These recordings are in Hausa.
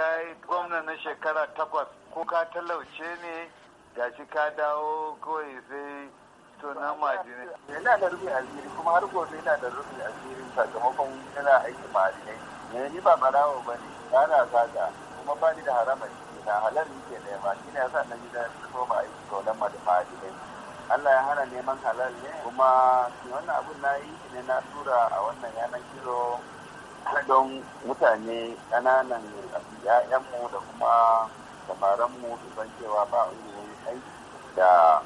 ka yi gwamna na shekara takwas ko ka talauce ne ga shi ka dawo kawai sai sunan majini. Yana da rufe asiri kuma har gobe yana da rufe asiri sakamakon yana aiki ma'adinai. Ne eh, ni ba barawo ba ne, ba na zaga kuma ba ni da harama ciki na halar nike nema shi ne yasa na da su koma aiki tolan ma'adinai. Allah ya hana neman halal ne kuma wannan abun na yi ne na tura a wannan yanar gizo don mutane kananan ‘ya'yanmu da kuma samaranmu su san cewa ba wani aiki da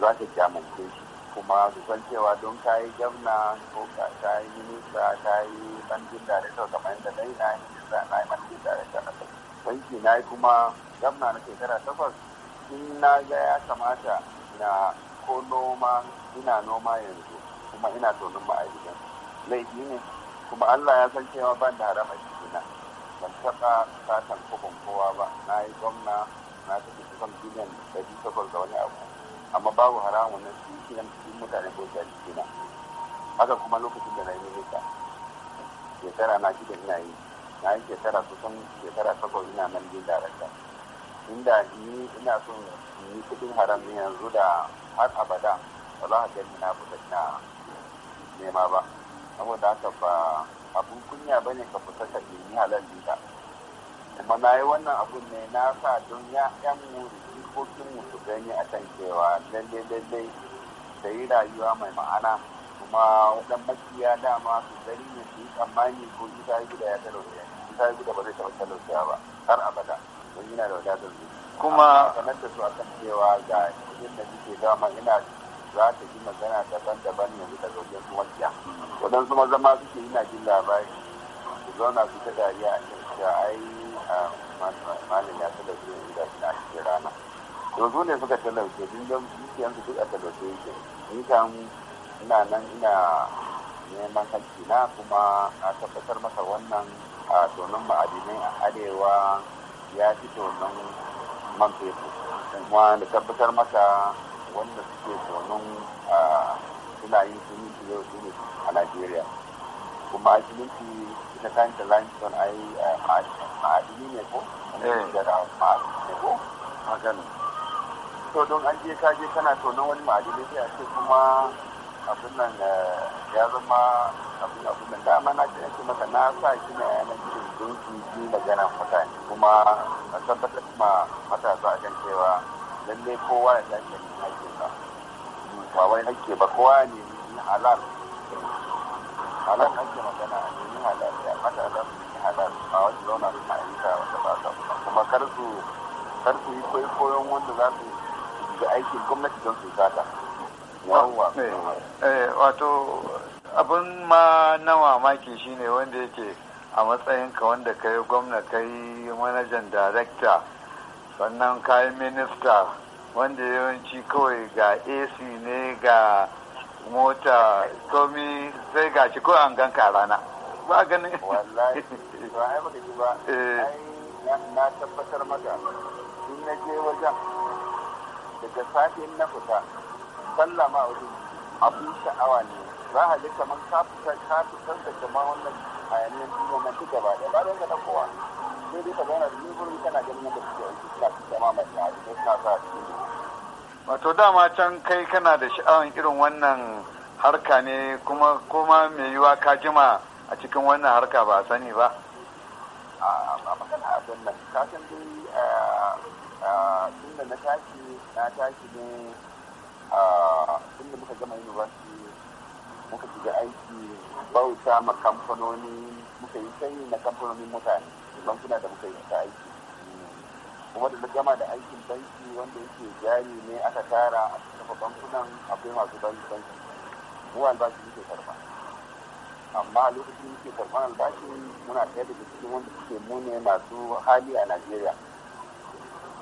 za ta kyamance shi kuma su san cewa don ka yi gamna ko ka yi minista ka yi bandin da kyau kamar yadda na na yi minista na yi bandin da kyau na banki na yi kuma gamna na shekara takwas in na ga ya kamata na ko noma ina noma yanzu kuma ina tonin ma'aikatan laifi ne kuma Allah ya san cewa ban da harama na ban taɓa satan kubin kowa ba na yi gwamna na tafi kusan biliyan ɗari takwas da wani abu amma babu haramun na su shi nan cikin mutane ko a jiki na haka kuma lokacin da na yi minista shekara na shida ina yi na yi shekara kusan shekara takwas ina nan bin darakta inda ni ina son yi kuɗin haram yanzu da har abada ba za a gani na fita na nema ba saboda haka ba abun kunya ba ne ka fita ka nemi halal dinka kuma na yi wannan abun ne na sa don ya mu da jikokin mu su gani a kan cewa lalle lalle da yi rayuwa mai ma'ana kuma wadan makiya dama su gani ne su yi tsammani ko ita yi guda ya talauta ita yi guda ba zai taɓa talauta ba har abada don yana da wadatar zuci kuma sanar da su a kan cewa ga kudin da suke dama ina za ta ji magana daban-daban yanzu daga wajen wajen waɗansu maza ma suke yi na jin labari su zauna su ta dariya a cikin cewa a malin ya tada yanzu da suna cikin rana yanzu ne suka talauce din don su duk a talauce yake ni kan ina nan ina neman hakki na kuma a tabbatar masa wannan a tonon ma'adinai a arewa ya fi tonon man fetur kuma da tabbatar masa wanda suke domin suna yin sunci yau su ne a Najeriya. Kuma ajininci ita kanta limestone a yi ma'adini ne ko? Daga eh. ma'adini ne ko? Magana. So don an je kaje kana tonon wani ma'adini sai a ce kuma abin nan eh, ya zama abin abin nan dama na ce kuma maka na sa shi ne a yanar gizo don su yi magana mutane kuma a tabbatar ma matasa a kan cewa lalle kowa ya tashi hakkinsa ba wai haƙƙi ba kowa ya nemi halal halal haƙƙi magana a nemi halal ya mata za su yi halal A wani zauna su na ayyuka wata ba ta kuma kar su kar su yi koyon wanda za su yi aikin gwamnati don su sata eh, eh, wato abin ma na mamaki shine wanda yake a matsayinka wanda ka yi gwamna ka yi manajan darakta sannan kayan minista wanda yawanci kawai ga ac ne ga mota komi sai ga shi kawai an ganka a rana ba ganin wallahi ba ai maka ji ba eh. na tabbatar maka in na je wajen daga safe na fita sallah ma wajen abin sha'awa ne za a ji kamar ka fita ka fitar da jama'a wannan hayaniyar duniya na gaba da ba don ga kowa sai dai ka wato dama can kai kana da sha'awan irin wannan harka ne kuma kuma mai yiwa ka jima a cikin wannan harka ba a sani ba a magana abin nan ka san dai tun na tashi na tashi ne tunda muka gama university muka shiga aiki bauta ma kamfanoni muka yi sanyi na kamfanonin mutane bankuna da muka yi ta aiki kuma da gama da aikin banki wanda yake jari ne aka tara a kafa bankunan akwai masu banki mu albashi muke karba amma lokacin muke karban albashi muna ɗaya daga cikin wanda suke mune masu hali a najeriya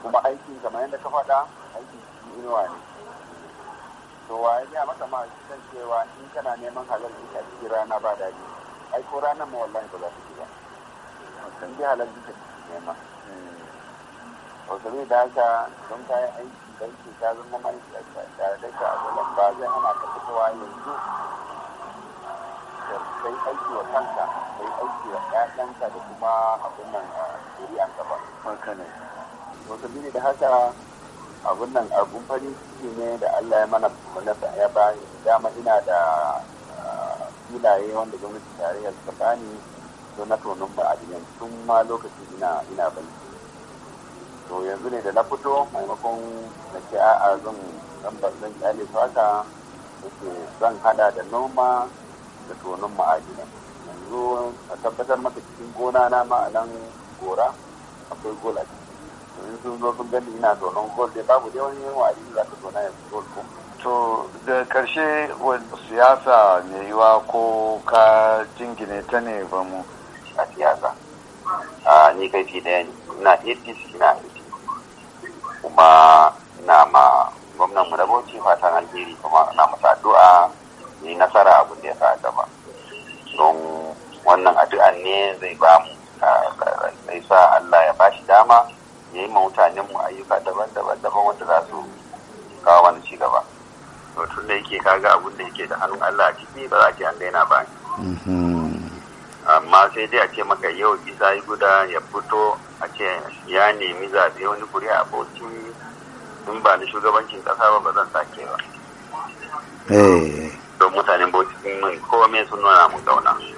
kuma aikin kamar yadda ka faɗa aikin cikin inuwa ne to wa ya maka ma kan cewa in kana neman halal rana ba daɗi ai ko ranar ma wallahi ba za ba kan ji halal da don kayan aiki don ta zama mai tare da ka ba zai ana ka fitowa yanzu kai aiki wa kanka kai aiki wa ƴaƴanka da kuma abin nan a ba. Haka ne. da haka abun nan abun farin ciki ne da Allah ya mana nasa ya bani dama ina da ah, filaye wanda gwamnati tarayya suka bani don na tonon ba a tun ma lokacin ina ina banki to yanzu ne da na fito maimakon na ce a'a zan zan zan kyale su haka yake zan hada da noma da tonon ma'adinan yanzu a tabbatar maka cikin gona na ma'anan gora akwai gola in sun zo gani ina tonon gol babu dai wani yawan abin da za ka gol ko. to da karshe siyasa mai yiwa ko ka jingine ta ne ba mu. a siyasa a ni kai fi da na ina apc na apc kuma na ma gwamnan mu da bauchi fatan alheri kuma na masa addu'a ni nasara abin da ya sa gaba don wannan addu'an ne zai ba mu zai sa Allah ya ba shi dama ma mutanen mu ayyuka daban-daban daban wanda za su kawo wani ci gaba to tun da yake kaga abun da yake da hannun Allah a ciki ba za ce an daina ba mm-hmm. amma sai dai a ce maka yau isa yi guda ya fito a ce ya nemi zaɓe wani kuri'a a bauchi in ba ni shugabancin ƙasa ba ba zan sake ba don eh. mutanen bauchi sun mun kome sun nuna mu gauna